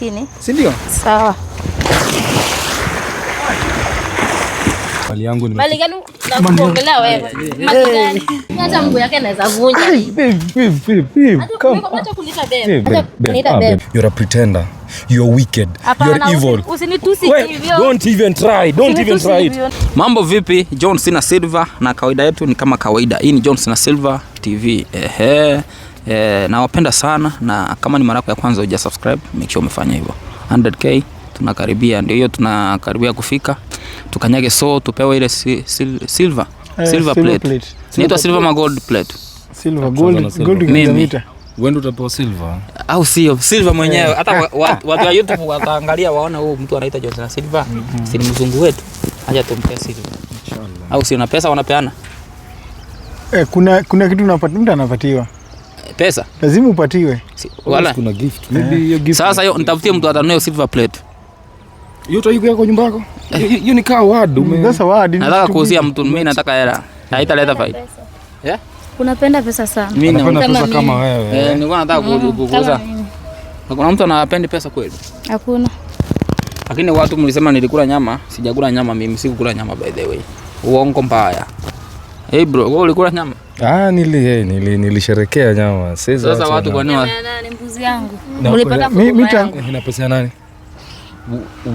maskini, si ndio? Sawa. Mali yangu ni mali gani? wewe. Mali gani? Hata mguu yake anaweza vunja. You're a pretender. You're wicked. You're evil. Usinitusi hivyo. Don't even try. Don't even try it. Mambo vipi? John Cena Silver na kawaida yetu ni kama kawaida. Hii ni John Cena Silver TV. Ehe. E, nawapenda sana na kama ni mara yako ya kwanza uja subscribe, make sure umefanya hivyo. 100k tunakaribia, ndio hiyo tunakaribia kufika, tukanyage so tupewe ile si, sil, silver eh, silver plate, inaitwa silver silver ma gold plate, silver gold gold meter Wendo utapewa silver au sio silver mwenyewe? Eh. Hata watu wa YouTube wataangalia waona, huyu mtu anaita na Silver, mm -hmm. si mzungu wetu? Acha tumpe silver, inshallah. Au sio? Na pesa wanapeana eh, kuna kuna kitu unapata mtu anapatiwa pesa lazima upatiwe. Si, wala. Kuna gift. Eh. Maybe yeah. Hiyo gift. Sasa hiyo nitafutie mtu atanunua silver plate. Hiyo tu iko nyumba yako? Eh. Hiyo ni kaa ward. Mm, sasa ward. Nataka kuuzia mtu, mimi nataka hela. Haitaleta faida. Yeah? Eh? Unapenda pesa sana. Mimi napenda pesa kama wewe. Eh, nilikuwa nataka mm, kuuza. Kuna mtu anapenda pesa kweli? Hakuna. Lakini watu mlisema nilikula nyama, sijakula nyama mimi, sikukula nyama by the way. Uongo mbaya. Hey bro, wewe ulikula nyama? Ah, nili eh, nili nilisherekea nyama. Sasa watu kwa nini? Mbuzi yangu. Ulipata mimi tangu nina pesa nani?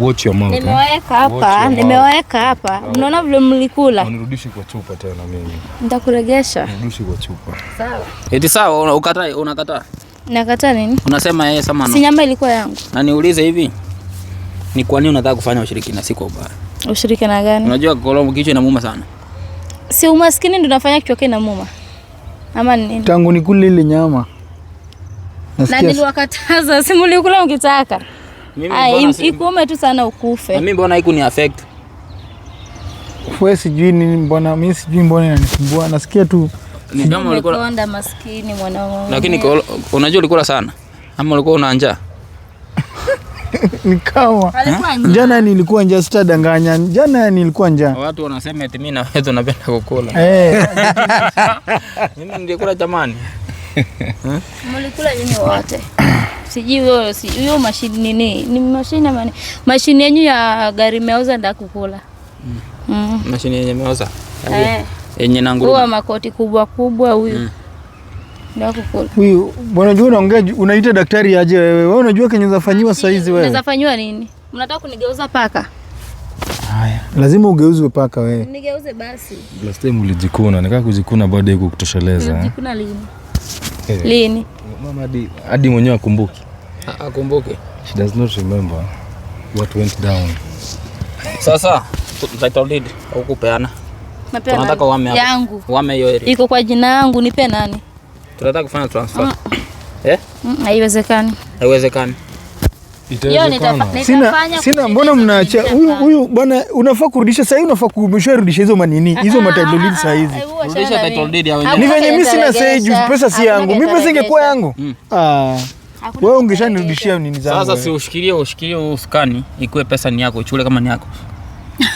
Watch your mouth. Eh. Nimeweka hapa, nimeweka hapa. Unaona vile mlikula. Unirudishe kwa chupa tena mimi. Nitakuregesha. Nirudishi kwa chupa. Sawa. Eti sawa, ukataa, unakataa. Nakataa nini? Unasema yeye sama na. Si nyama ilikuwa yangu. Na niulize hivi. Ni kwa nini unataka kufanya ushirikina siko kwa ubaya? Ushirikina gani? Unajua kolomo kichwa inamuuma sana si umaskini ndo nafanya kichwa kina muma ama nini? Tangu nikule ile nyama nasikia, na niliwakataza, mimi, ukitaka ikuume tu sana ukufe. Mimi mbona haiku ni affect wewe? Sijui nini, mbona mimi sijui, mbona inanisumbua, nasikia tu ni kama ulikula. Maskini mwanangu, lakini unajua ulikula sana ama ulikuwa una njaa? nikawa jana nilikuwa nja, sitadanganya. Jana nilikuwa nja, Watu wanasema eti mimi na wewe tunapenda kukula. Eh, mimi ningekula jamani, Mlikula nini wote sijui hiyo mashini nini? Ni mashini ama mashini yenyu ya gari meuza nda kukula. Mm. Mm. Mashini yenye meuza. Eh. Yenye na Makoti kubwa kubwa huyu. Mm. Huyu bwana Juma unaongea, unaita daktari aje wewe? Wewe unajua kenye zafanyiwa saa hizi wewe. Zafanyiwa nini? Unataka kunigeuza paka? Haya, lazima ugeuzwe paka wewe. Nigeuze basi. Last time ulijikuna, nikaa kujikuna baada ya kukutosheleza. Ulijikuna eh? lini? Eh. Lini? Mama hadi hadi mwenyewe akumbuki. Ah, akumbuki. She does not remember what went down. Sasa title deed au kupeana. Tunataka wame yangu. Wame hiyo. Iko kwa jina yangu nipe nani? tunataka kufanya transfer. Ah. Eh? Mm, haiwezekani. Haiwezekani. Sina, sina mbona mnaacha huyu huyu bwana, unafaa kurudisha sasa hivi, unafaa kumsharudisha hizo manini ah, hizo matitle deed sasa hivi. Rudisha title deed ya wenyewe. Ni venye mimi sina say juu pesa si yangu. Mimi pesa ingekuwa yangu. Hmm. Ah. Wewe ungeshanirudishia nini zangu. Sasa si ushikilie ushikilie uskani ikuwe pesa ni yako, chukule kama ni yako.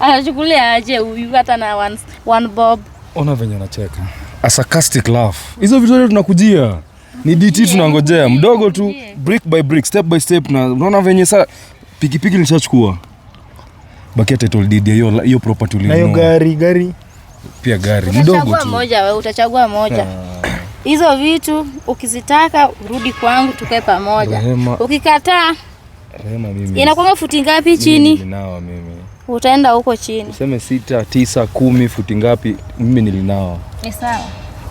Anachukulia aje huyu hata na one, one bob. Ona venye anacheka a sarcastic laugh. Hizo vitu tunakujia ni DT tunangojea mdogo tu, brick by brick, step by step. Na unaona venye sa pikipiki nilishachukua bakia title hiyo hiyo property ulinunua, na hiyo gari gari pia gari mdogo tu, moja wewe utachagua moja ah. hizo vitu ukizitaka, rudi kwangu tukae pamoja. Ukikataa, inakuwa futi ngapi chini? Mimi ninawa mimi utaenda huko chini. Useme sita, tisa, kumi, futi ngapi? Mimi nilinawa. Ni sawa,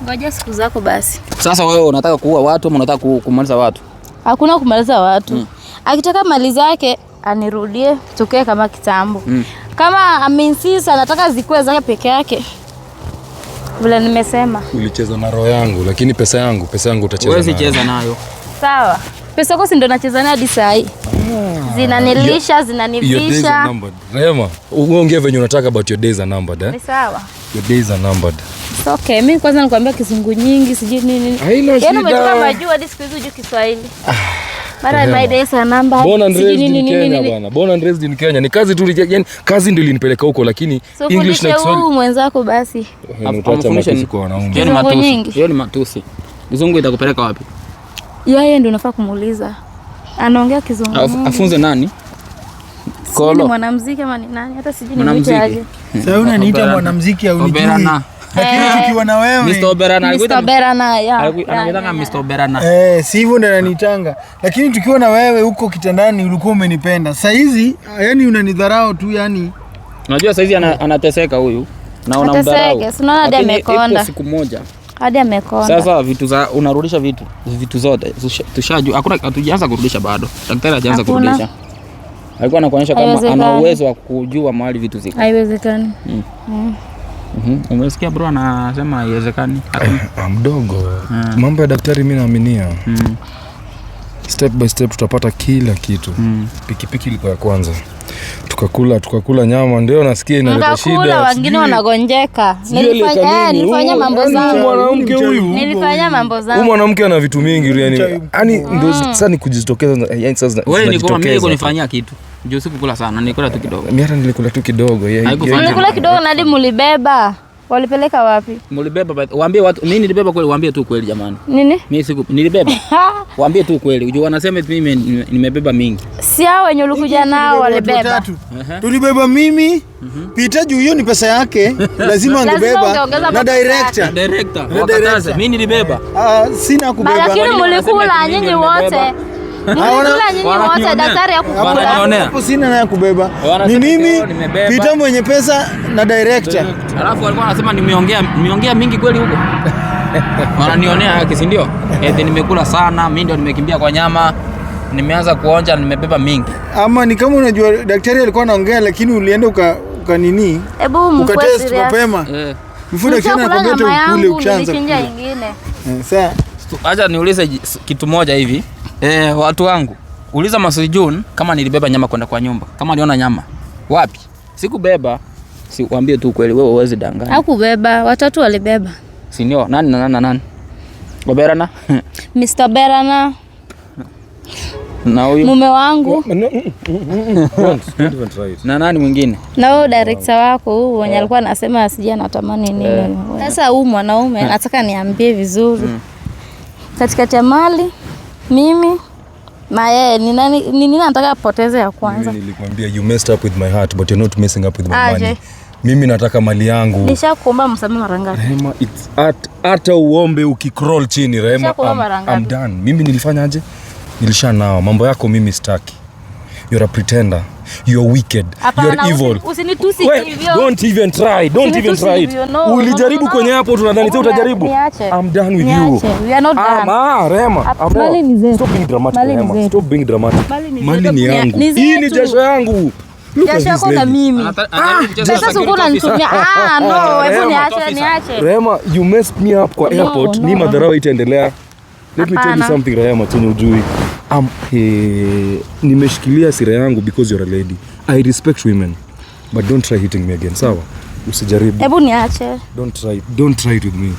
ngoja siku zako basi. Sasa wewe unataka kuua watu ama unataka kumaliza watu? Hakuna kumaliza watu mm. Akitaka mali zake anirudie, tukae kama kitambo mm. Kama ameinsista anataka zikuwe zake peke yake vile nimesema. Ulicheza na roho yangu, lakini pesa yangu, pesa yangu utacheza Wewe nayo. Sawa, pesa yako si ndo nacheza nayo hadi saa hii zinanilisha zinanivisha. Rema, uongee venye unataka about your days are numbered eh? Ni sawa. Your days are numbered. It's okay. Mimi kwanza nikwambia kizungu nyingi sijui nini. Haina yaani shida. Yaani umetoka majuu hadi siku hizi hujui Kiswahili. Ah, Mara my days are numbered. Born and raised in Kenya Born and raised in Kenya. Ni kazi tu yani kazi ndio ilinipeleka huko lakini English na Kiswahili. mwenzako basi. Hiyo ni matusi. Kizungu itakupeleka wapi? Yeye ndio unafaa kumuuliza. Anaongea Kizungu. Afunze nani? Kolo. Mwanamuziki ama ni nani? Hata sijui ni mtu aje. Sasa unaniita mwanamuziki au ni eh, si hivyo ndio ananitanga. lakini tukiwa na wewe huko kitandani ulikuwa umenipenda. Sasa hizi yani unanidharau tu, yani unajua sasa hizi anateseka huyu na unamdharau. Siku moja hadi amekonda. Sasa vitu za unarudisha vitu vitu zote tushajua, hakuna hatujaanza kurudisha bado, daktari hajaanza kurudisha, alikuwa anakuonyesha kama ana uwezo wa kujua mahali vitu ziko. Haiwezekani. mm. Mm Umesikia bro anasema haiwezekani eh, ah, mdogo. Hmm. Mambo ya daktari mimi naaminia. Mhm step by step tutapata kila kitu mm. Pikipiki ilikuwa ya kwanza, tukakula tukakula nyama, ndio nasikia inaleta shida, wengine wanagonjeka. Nilifanya eh, mambo yaani zangu, mwanamke huyu, nilifanya mambo zangu. Mwanamke ana vitu mingi, yani yani ndio mm. sasa ni kujitokeza, yani sasa wewe ni kwa mimi kunifanyia kitu juu sikukula sana, nilikula tu kidogo, mimi hata nilikula tu kidogo, yeye nilikula kidogo na hadi mulibeba Walipeleka wapi? Mlibeba, waambie watu mimi nilibeba kweli, waambie tu kweli jamani. Nini? Mimi siku nilibeba. Waambie tu kweli. Unajua wanasema mimi nimebeba mingi. Si hao wenye ulikuja nao walibeba. Uh -huh. Tulibeba mimi. Uh mhm. -huh. Pita juu hiyo ni pesa yake. Lazima angebeba. Na director. Director. Mimi nilibeba. Ah, sina kubeba. Lakini mlikula nyinyi wote sina naye kubeba ni mimi Peter mwenye pesa na director. Alafu walikuwa wanasema nimeongea nimeongea mingi kweli huko wananionea haki, si ndio? Eti nimekula sana mimi, ndio nimekimbia kwa nyama, nimeanza kuonja, nimebeba mingi. Ama ni kama unajua daktari alikuwa anaongea, lakini ulienda uka uka nini, ukatest mapema, mfuda kiana kwambia ukule ukishaanza. Eh, Sasa Acha niulize kitu moja hivi. Eh, watu wangu, uliza Masri June kama nilibeba nyama kwenda kwa nyumba. Kama aliona nyama. Wapi? Sikubeba. Si waambie tu kweli wewe uweze danganya. Hakubeba, watatu walibeba. Si ndio? Nani na nani na nani? Oberana? Mr. Berana. Na huyu mume wangu mm, mm, mm, na nani mwingine? Na wewe director wako huyu wenye eh. alikuwa anasema asije anatamani nini? Eh. Sasa huyu mwanaume eh. nataka niambie vizuri katikati ya mali mimi na yeye ni nani, ni nini nataka apoteze ya kwanza. Mimi Nilikwambia you messed up with my heart but you're not messing up with my Aje. money. Mimi nataka mali yangu. Nishakuomba msamaha mara ngapi? Rehema, it's at hata uombe ukicroll chini Rehema. I'm, I'm done. Mimi nilifanyaje? Nilishanawa mambo yako mimi sitaki. You're a pretender. Ulijaribu kwenye hapo tunadhani sasa utajaribu. I'm done with you. Rema. Stop being dramatic. Rema. Stop being dramatic. Mali ni yangu. Hii ni jasho yangu. Ah, Rema, ah, ah, you messed me up kwa airport. Ni madharau itaendelea. Let me tell you something Rema, chenye ujui um, hey, eh, nimeshikilia sira yangu because you're a lady. I respect women but don't try hitting me again. Sawa, usijaribu. Hebu niache. Don't try, don't try it with me.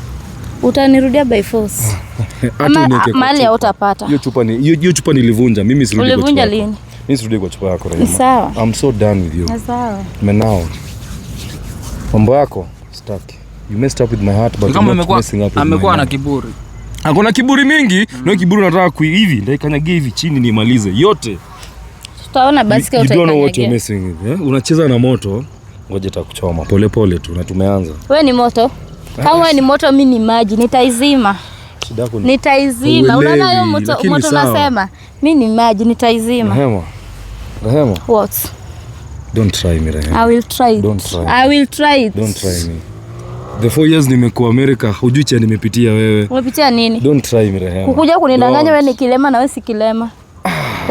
Utanirudia by force. Ama mali hautapata. Hiyo chupa ni hiyo chupa nilivunja. Mimi sirudi kwa Ulivunja lini? Mimi sirudi kwa chupa yako Rehema. Sawa. I'm so done with you. Sawa. Menao. Mambo yako staki. You messed up with my heart but you're not messing up with my Amekuwa na kiburi. Akona kiburi mingi mm. Na kiburi unataka ku hivi ndaikanyagia hivi chini nimalize yote. Tutaona basi kama utaikanyagia. Yeah? Unacheza na moto, ngoja takuchoma polepole tu na tumeanza. Wewe ni moto ah, kama wewe ni moto, mimi ni maji, nitaizima nitaizima. Unaona hiyo moto, moto unasema mimi ni maji, nitaizima. Rehema, Rehema, what don't try me, Rehema. I will try it. Don't try I will try it. Don't try me. The four years nimekuwa America, hujui cha nimepitia wewe. Umepitia nini? Don't try me rehema. Kukuja kunidanganya wewe ni kilema na wewe si kilema.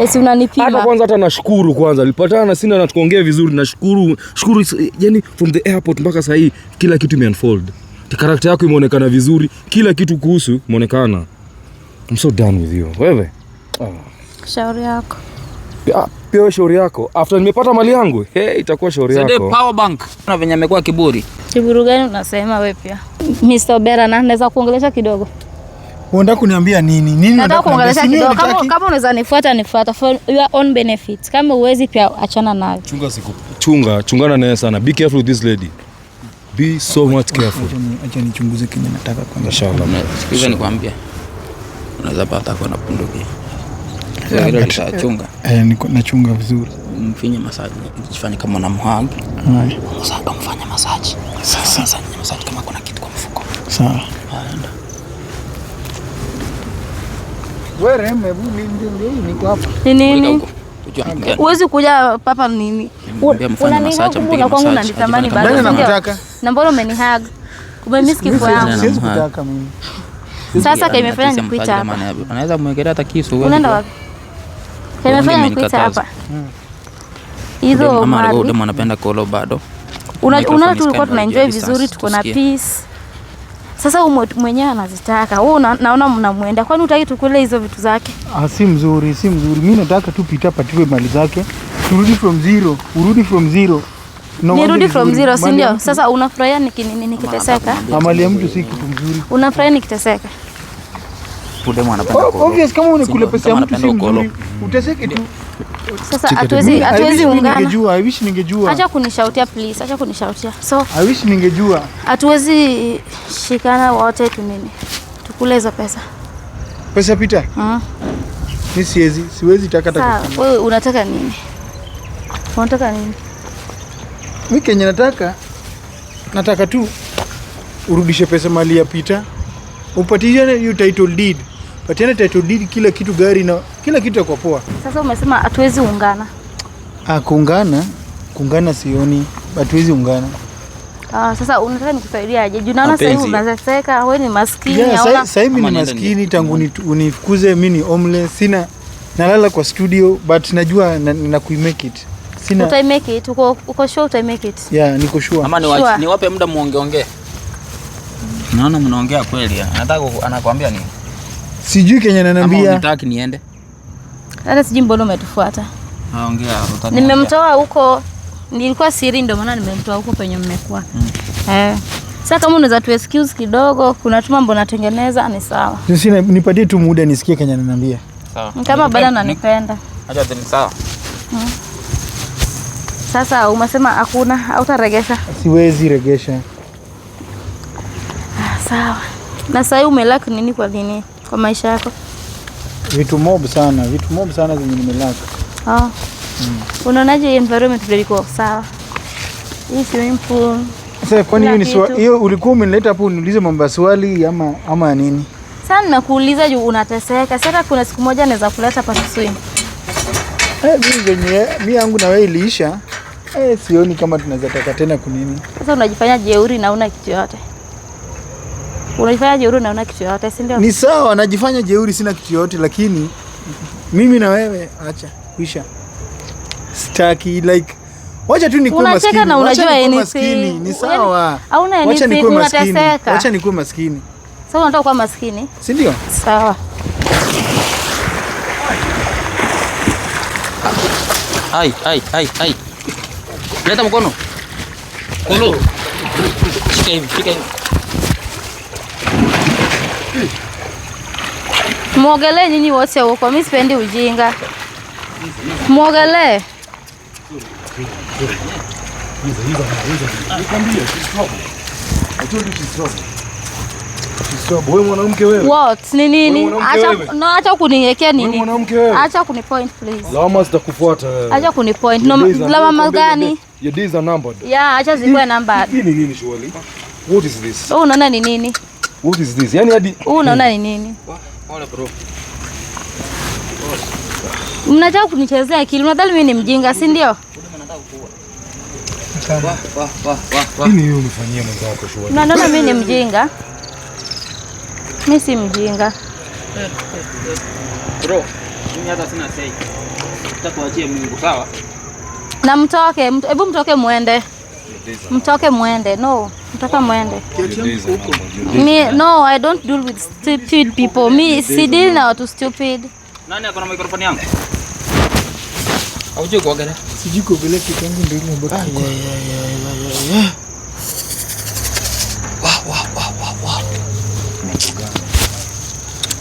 Esi eh, unanipima. Hata kwanza hata nashukuru kwanza. Nilipatana na Sina na tukaongea vizuri nashukuru. Shukuru eh, yani from the airport mpaka sasa hii kila kitu imeunfold. Karakta yako imeonekana vizuri, kila kitu kuhusu imeonekana. I'm so done with you. Wewe? Oh. Shauri yako. Yeah. Pia wewe shauri yako. After nimepata mali yangu, hey, itakuwa shauri yako. Sasa power bank na venye amekuwa kiburi. Kiburi gani unasema wewe pia? Mr. Obera na naweza kuongelesha kidogo. Unataka kuniambia nini? Nini unataka kuongelesha kidogo? Kama kama unaweza nifuata nifuata for your own benefit. Kama uwezi pia achana nayo. Chunga siku. Chunga, chungana naye sana. Be careful with this lady. Be so much careful. Acha nichunguze kile nataka kwanza. Inshallah. Sikiza nikwambia. Unaweza pata kwa na bunduki. Eh, nachunga vizuri, mfinye masaji jifanye kama na mhagi mfanya masaji sasa, masaji kama kuna kitu kwa mfuko sawa. Uwezi kuja papa nini? Unanitamani bado na mbona umenihaga? Sasa kaimefanya nikuita hapa. Anaweza kumwekelea hata kisu. Unaenda wapi? hapa hmm. hizo udemu anapenda kolo bado. Unaona, tulikuwa tuna vizuri, tuko na peace. Sasa mwenyewe anazitaka wewe, naona mnamwenda, kwani utaki tukule hizo vitu zake? Ah, si mzuri, si mzuri. mi nataka tu Peter patiwe mali zake, turudi from zero, urudi from zero No, nirudi from zero, si ndio? Sasa unafurahia nikiteseka? Amali ya mtu si kitu mzuri. Ah, unafurahia nikiteseka? Oh, obvious kama unakula pesa ya mtu si mzuri, uteseke tu. Sasa hatuwezi hatuwezi ungana. Ningejua, I wish ningejua. Acha kunishautia please, acha kunishautia. So I wish ningejua. Hatuwezi shikana wote tu nini? Tukule hizo pesa. Pesa pita? Mhm. Mimi siwezi, siwezi taka taka. Sasa wewe unataka nini? Unataka nini? Mimi kenye nataka nataka tu urudishe pesa mali ya Pita, upatie hiyo title deed patiana title deed, kila kitu, gari na kila kitu yako poa. Sasa umesema hatuwezi ungana. Ah, kuungana kuungana sioni, hatuwezi ungana. Ah, sasa unataka nikusaidia aje? Juu naona sasa hivi unazeseka, wewe ni maskini. Yeah, sasa hivi ni maskini tangu unifukuze mimi ni homeless. Sina nalala kwa studio but najua na, ku make it. Sina utai make it. Uko uko sure utai make it? Yeah, niko sure. Ama niwape muda muongeongee. Mm. Naona mnaongea kweli. Anataka eh. anakuambia nini? sijui kenye naniambia. Unataka niende? Hata sijui mbona umetufuata. Naongea, Nimemtoa huko, nilikuwa siri ndio maana nimemtoa huko penye mmekuwa. Mm. Eh. Sasa kama unaweza tu excuse kidogo, kuna tuma mbona natengeneza ni sawa. Sisi nipatie tu muda nisikie kenye naniambia. Sawa. Kama bado nanipenda. Acha tena sawa. Hmm. Sasa umesema hakuna, hautaregesha? Siwezi regesha. Ah, sawa. Na sasa umelaki nini kwa nini? kwa maisha yako? Vitu mob sana, vitu mob sana zenye nimelaka. Ah. Mm. Unaonaje environment ndio ilikuwa sawa? Hii si pool. Sasa kwani hiyo ni swali hiyo ulikuwa umenileta hapo uniulize mambo ya swali ama ama ya nini? Sasa nakuuliza juu unateseka. Sasa kuna siku moja naweza kuleta pa sisi. Eh, mimi venye mimi yangu na wewe iliisha. Eh, sioni kama tunaweza taka tena kunini. Sasa unajifanya jeuri na una kitu yote. Unajifanya jeuri na una kitu yote, si ndio? Ni sawa, najifanya jeuri sina kitu yote, lakini mimi na wewe acha kuisha. Sitaki like Wacha tu nikuwe maskini. Unacheka na unajua maskini. Ni yaani, sawa. Hauna anything. Wacha nikuwe maskini. Wacha nikuwe maskini. Sasa unataka kuwa maskini? Si ndio? Sawa. Ai, ai, ai, ai. Leta mkono. Mkono. Shika hivi, shika hivi. Mwogelee nyinyi wote huko, mimi sipendi ujinga. Mwogelee. Wewe mwanamke wewe. What? Ni nini? Acha no acha kuniwekea nini? Wewe mwanamke wewe. Acha kunipoint please. Lawama sitakufuata wewe. Acha point. No lawama gani? Your days are numbered. Yeah, acha zikuwe numbered. Hii ni nini shughuli? What is this? Unaona ni nini? What is this? Yaani hadi unaona ni nini? Pole bro. Mnataka kunichezea akili. Unadhani mimi ni mjinga, si ndio? mimi ni mjinga? Mimi si mjinga. Bro, mimi hata sina sei. Nitakuachia Mungu, sawa? Na mtoke, hebu mtoke muende mtoke mwende. No, mtoka mwende. Mi, no, I don't deal with stupid people. Mi si deal na watu stupid. Nani ako na microphone yangu? Auje kuogelea. Sijui kuogelea kitangu ndio ile mbaki.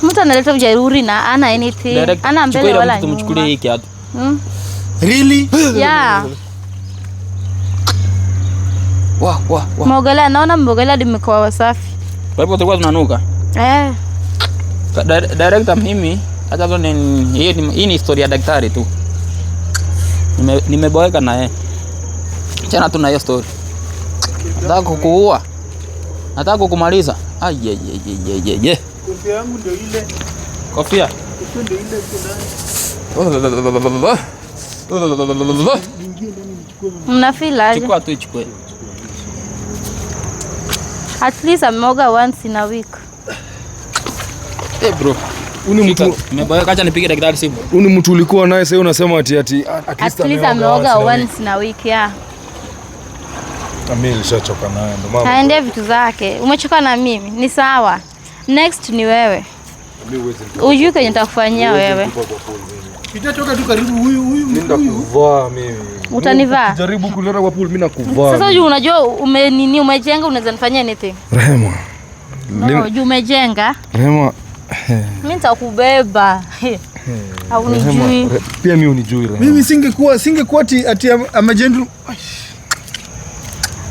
Mtu analeta ujauri na ana anything. Ana mbele wala nyuma. Tumchukulie hiki hatu. Hmm? Really? Yeah. Wah, wah, wah. Mwogelea, naona limekuwa wasafi. Kwa hivyo tulikuwa tunanuka. Eh. Director mimi hata hiyo ni hii ni historia ya daktari tu. Nime nimeboeka naye. Chana tuna hiyo story. Nataka kukuua. Nataka kukumaliza. Ai ye ye ye ye ye. Kofia yangu ndio ile. Kofia. Kofia ndio kuna. aje? Chukua tu ichukue. At least ameoga once in a week. Hey bro. Uni mtu ulikuwa naye sasa unasema ati ati at least ameoga once in a week, yeah. Mimi nishachoka naye ndo mama. Aende vitu zake. Umechoka na mimi? Ni sawa. Next ni wewe. Ujui kenye nitakufanyia wewe. Nitatoka tu karibu huyu huyu nitakuvaa mimi. Utanivaa? Jaribu kuleta kwa pool mimi nakuvaa. Sasa juu unajua ume nini umejenga unaweza nifanyia anything. Rehema. No, juu umejenga. Rehema. Mimi nitakubeba. Haunijui. Pia mimi unijui Rehema. Mimi singekuwa singekuwa ati ama gentle.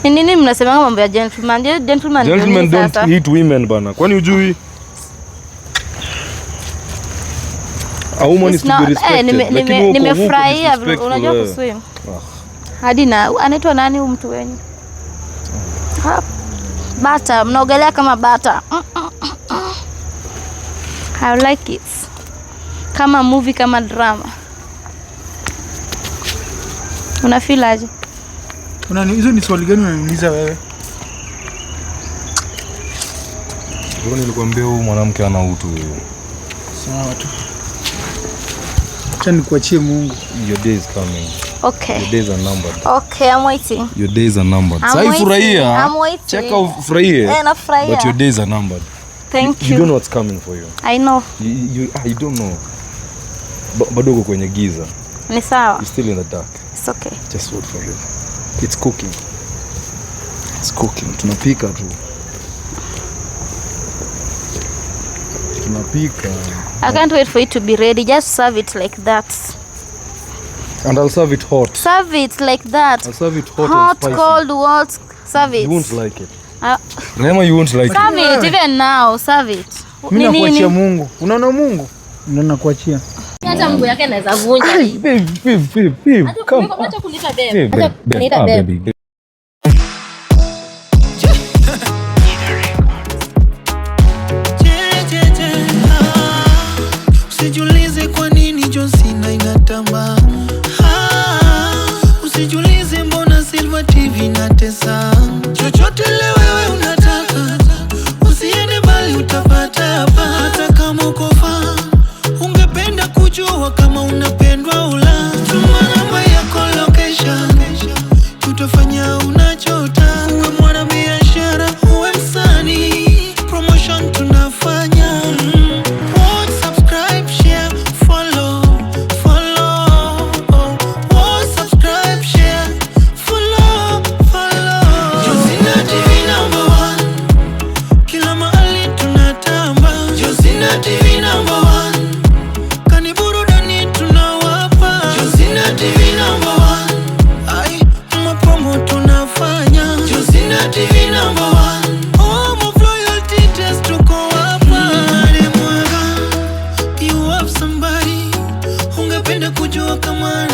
Ni nini mnasemanga mambo ya gentleman? Gentleman don't eat women bana. Kwani hujui? Eh, nimefurahia, unajua eh. kuswim ah. hadi na anaitwa nani huyu mtu wenyu? Bata, mnaogelea kama bata. Mm, mm, mm, I like it. Kama movie kama drama. Una feel aje? Hizo ni swali gani unaniuliza wewe? Nilikwambia huyu mwanamke ana utu. Sawa tu. Acha nikuachie Mungu. Your day is coming. Okay. Your days are numbered. Okay, I'm waiting. Your days are numbered. Sasa furahia. I'm waiting. Check Cheka ufurahie. Eh, nafurahia. But your days are numbered. Thank you. You, don't know what's coming for you. I know. You, you, I ah, don't know. Bado uko kwenye giza. Ni sawa. You're still in the dark. It's okay. Just wait for you. It's cooking. It's cooking. Tunapika tu. tunapika. I can't wait for it to be ready. Just serve it like that. And I'll serve it hot. Serve it like that. I'll serve it hot, hot and spicy. Cold, what? Serve it. You won't like it. Uh, ah. Nema you won't like serve it. Serve it even now. Serve it. Mimi nakuachia Mungu. Unaona Mungu? Ndio nakuachia. Hata mguu yake anaweza vunja. Babe, babe, babe. Hata kulita ah, babe. Babe, babe.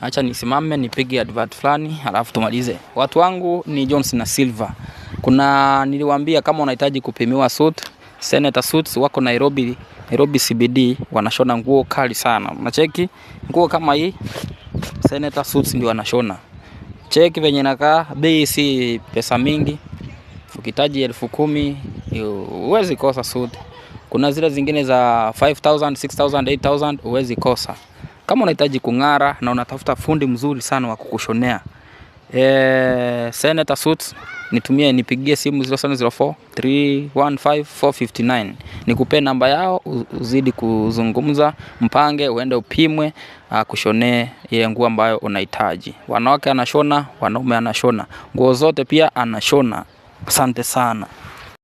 acha nisimame nipige advert fulani, alafu tumalize. Watu wangu ni Johnson na Silva. Kuna niliwaambia kama unahitaji kupimiwa suit, Senator Suits wako Nairobi, Nairobi CBD, wanashona nguo kali sana. Unacheki nguo kama hii, Senator Suits ndio wanashona. Cheki venye nakaa, bei si pesa mingi, ukihitaji elfu kumi huwezi kosa suit. Kuna zile zingine za 5000, 6000, 8000 huwezi kosa. Kama unahitaji kung'ara na unatafuta fundi mzuri sana wa kukushonea e, Senator Suits nitumie, nipigie simu 0704 315 459 nikupe namba yao, uzidi kuzungumza, mpange uende upimwe, akushonee ile nguo ambayo unahitaji. Wanawake anashona, wanaume anashona, nguo zote pia anashona. Asante sana.